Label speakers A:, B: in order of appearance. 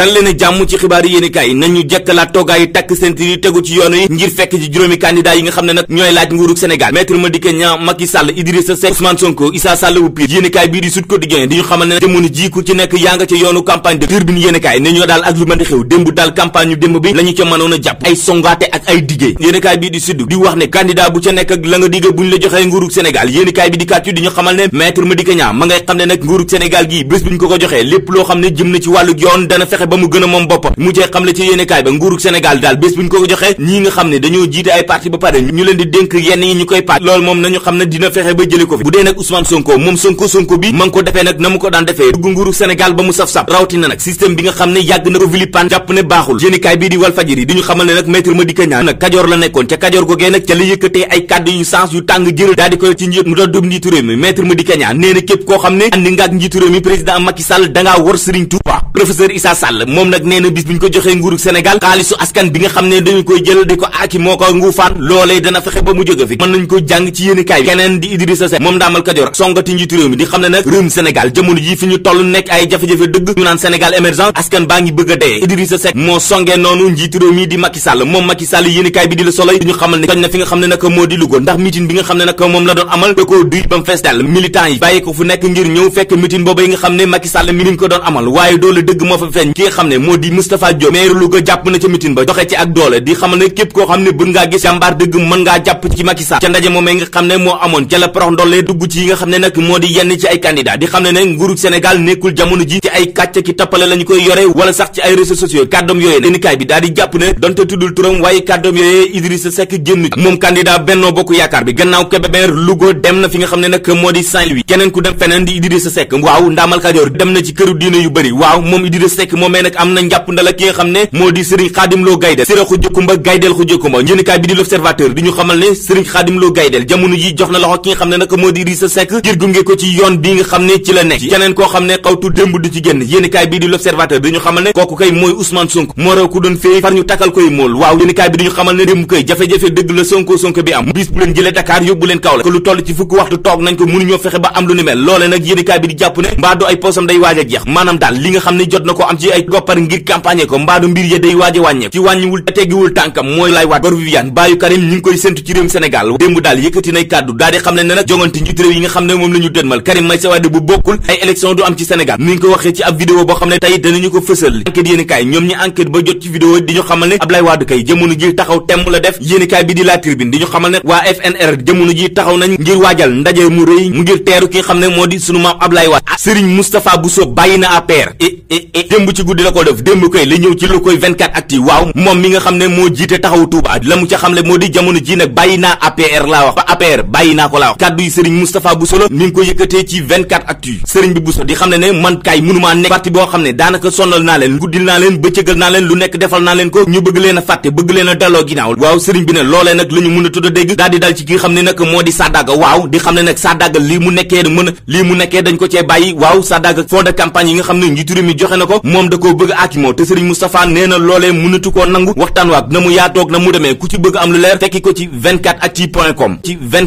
A: dal leen a jàmm ci xibaar yi bi di Sud di wax ne candidat bu ca nekk la nga digga bu ñu la joxee nguurug Sénégal yéenekaay bi di kat yu di xamal ne Maître Madické Niang ma ngay xam ne nag nguurug Sénégal gii bés bu ñu ko joxee lépp loo xam ne jëm na ci wàllu yoon dana fexe ba mu gën a moom boppam mujjee xam le ci yéenekaay ba nguurug Sénégal daal bés bu ñu ko joxee ñii nga xam ne dañoo jiite ay parti ba pare ñu leen di dénk yenn yi ñu koy paaj loolu moom nañu xam ne dina fexe ba jële ko fi bu dee nag Ousmane Sonko moom Sonko Sonko bi ma ko defee nag na mu ko daan defee dugg nguurug Sénégal ba mu saf-saf rawatina nag système bi nga xam ne yàgg na ko vilipaan jàpp ne baaxul yéenekaay bii di Walf Fadjri di ñu xamal koo ne àndi Sall moom nag nee na bis bi ñu ko joxee nguuru Sénégal xaalisu askan bi nga xam ne dañu koy jël di ko aaki moo ko nguufaan loolee dana fexe ba mu jóge fi mën nañ ko jàng ci yéen kaay bi keneen di Idrissa Seck moom ndaamal Kajoor songati njiitu réew ji fi ñu toll nekk ay jafe-jafe dëgg ñu naan Sénégal émergent askan baa ngi bëgg a dee Idrissa Seck moo songee noonu njiitu réew mi di Macky Sall moom Macky Sall yéen kaay bi di la soloy di ñu xamal ne toj na fi nga xam ne nag moo di Louga ndax meeting bi nga xam ne nag moom la doon amal da koo duy ba ko fu nekk ngir ñëw fekk meeting boobu yi nga xam ne Macky Sall mi ngi ko doon ki nga xam ne moo di Moustapha Diop maire Louga jàpp na ca mitin ba joxe ci ak doole di xamal ne képp koo xam ne bëgg ngaa gis jàmbaar dëgg mën ngaa jàpp ci Macky ca ndaje moomee nga xam ne moo amoon ca la prox ndollee dugg ci yi nga xam ne nag moo di yenn ci ay candidat di xam ne ne nguuru Sénégal nekkul jamono ji ci ay kàcc ki tappale lañu koy yore wala sax ci ay réseaux sociaux kàddoom bi daal jàpp ne donte tuddul turam waaye kàddoom bi gannaaw Kébémer Louga dem moomee nag am na njàpp ndala ki nga xam ne moo di sëriñ xaadim loo ne sëriñ xaadim loo gaydel jamono ji jox na loxo ki nga xam ne nag moo di Idrissa Seck ngir gunge ko ci yoon mooy Ousmane Sonko moo doon féey far ñu takkal koy mool waaw yéenikaay bi di ñu xamal ne démb koy jafe-jafe dëgg la Sonko Sonko bi am bis bu leen jëlee Dakar yóbbu leen Kaolack ko lu toll ci fukki waxtu toog nañ ko mënuñoo fexe ba am lu ni mel loole nag yéenikaay ay koppar ngir campagne ko mbaadu mbir ya day waaj a ci wàññiwul teggiwul tànkam mooy lay waat gor Karim ñi koy séntu ci démb daal yëkkati nay kàddu daal di xam ne jongante njiit réew yi nga xam ne moom la ñu dënmal Karim Meïssa Wade bu bokkul ay élection du am ci Sénégal ni ko waxee ci ab vidéo boo xam ne tey danañu ko fësal enquête yéen kaay ñoom ñi enquête ba jot ci vidéo di ñu xamal ne Ablaye Wade kay jëmono ji taxaw temm la def guddi la ko def démb koy la ñëw ci lu koy 24 actu waaw moom mi nga xam ne moo jiite taxaw Touba la mu ca xamle moo di jamono ji bàyyi naa ko la mu nekkee dañ ko cee bàyyi waaw Sadaga fond de yi nga xam ne njiitu mi joxe na ko moom da koo bëgg a akimoo te Serigne Moustapha nee mënatu koo nangu waxtaan waak na mu yaatoog na mu demee ku ci bëgg am lu leer tekki ko ci 24 point com ci